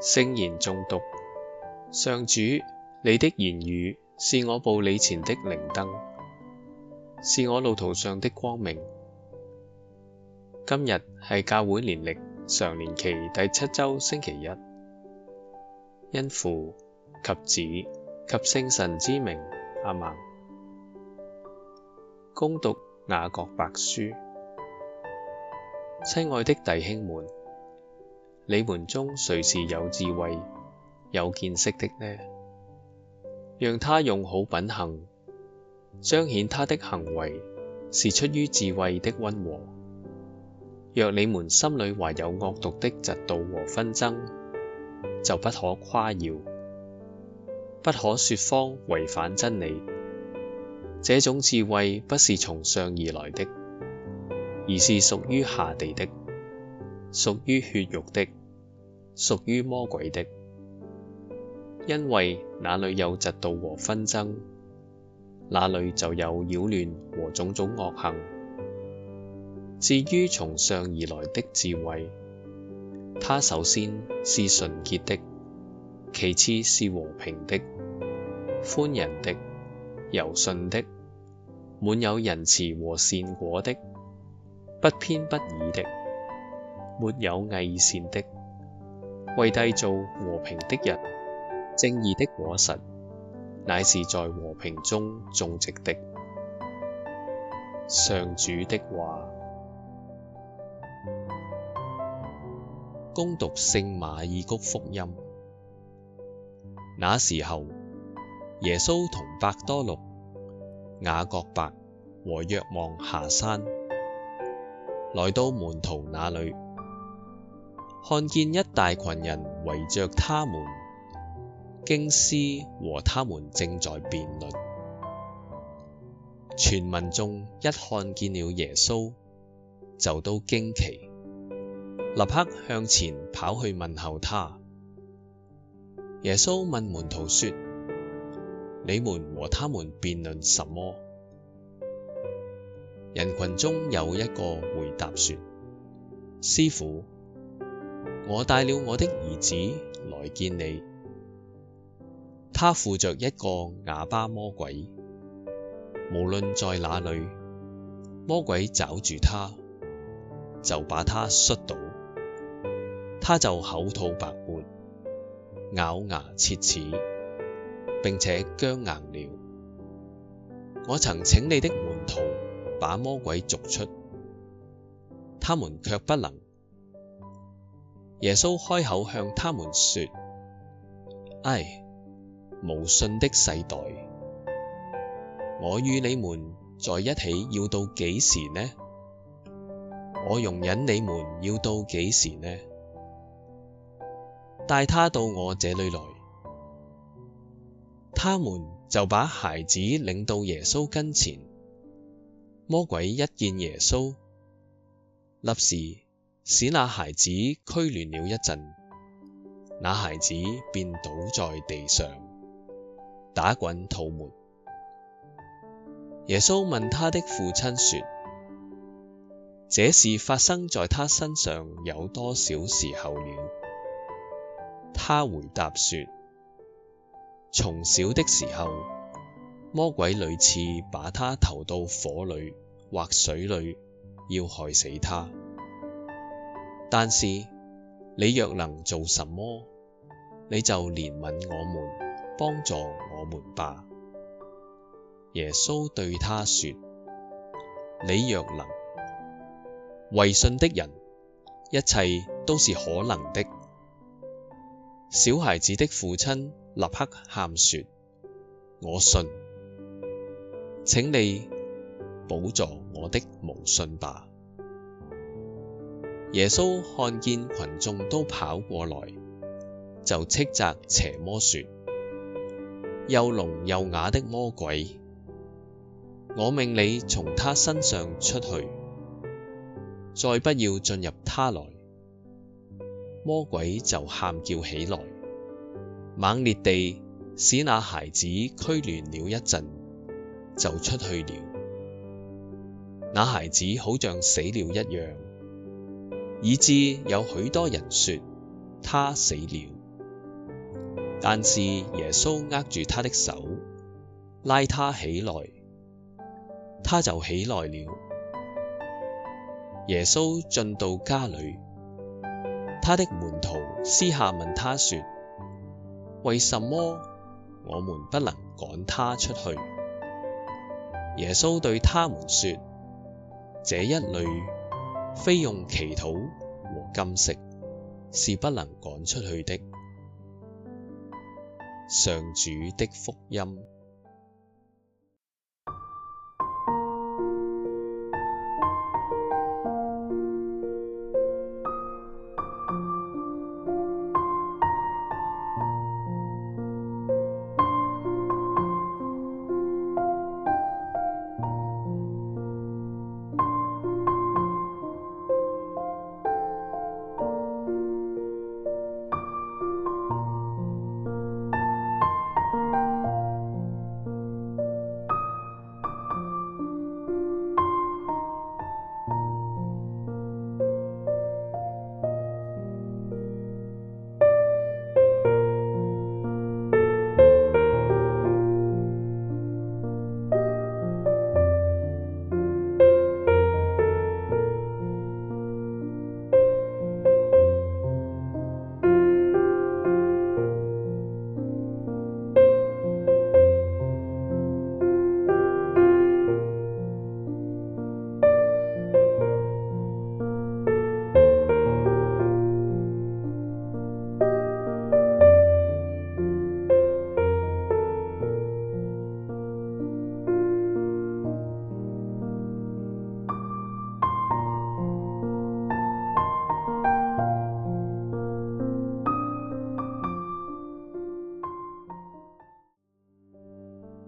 聖言誦讀，上主，你的言語是我步履前的靈燈，是我路途上的光明。今日係教會年曆常年期第七周星期一。因父及子及聖神之名，阿孟。恭讀雅各伯書。親愛的弟兄們，你們中誰是有智慧、有見識的呢？讓他用好品行彰顯他的行為，是出於智慧的溫和。若你們心裏懷有惡毒的嫉妒和紛爭，就不可誇耀，不可說謊，違反真理。這種智慧不是從上而來的，而是屬於下地的，屬於血肉的，屬於魔鬼的。因為那裏有嫉妒和紛爭，那裏就有擾亂和種種惡行。至於從上而來的智慧，他首先是純潔的，其次是和平的、寬仁的、柔順的、滿有仁慈和善果的、不偏不倚的、沒有偽善的，為締造和平的人，正義的果實，乃是在和平中種植的。上主的話。恭讀《聖馬爾谷福音》。那時候，耶穌同伯多祿、雅各伯和若望下山，來到門徒那裡，看見一大羣人圍著他們，經師和他們正在辯論。全民眾一看見了耶穌，就都驚奇。立刻向前跑去問候他。耶穌問門徒說：你們和他們辯論什麼？人群中有一個回答說：師傅，我帶了我的兒子來見你，他附著一個啞巴魔鬼，無論在哪裏，魔鬼抓住他，就把他摔倒。他就口吐白沫，咬牙切齒，並且僵硬了。我曾請你的門徒把魔鬼逐出，他們卻不能。耶穌開口向他們說：「唉，無信的世代，我與你們在一起要到幾時呢？我容忍你們要到幾時呢？帶他到我這裏來！他們就把孩子領到耶穌跟前。魔鬼一見耶穌，立時使那孩子拘攣了一陣，那孩子便倒在地上，打滾吐沫。耶穌問他的父親說：這事發生在他身上有多少時候了？他回答說：從小的時候，魔鬼屢次把他投到火裏或水裏，要害死他。但是你若能做什麼，你就憐憫我們，幫助我們吧。耶穌對他說：你若能，為信的人，一切都是可能的。小孩子的父親立刻喊說：我信，請你補助我的無信吧。耶穌看見群眾都跑過來，就斥責邪魔說：又聾又啞的魔鬼，我命你從他身上出去！再不要進入他來。魔鬼就喊叫起來，猛烈地使那孩子拘攣了一陣，就出去了。那孩子好像死了一樣，以致有許多人說他死了。但是耶穌握住他的手，拉他起來，他就起來了。耶穌進到家裏。他的門徒私下問他說：為什麼我們不能趕他出去？耶穌對他們說：這一類非用祈禱和禁食是不能趕出去的。上主的福音。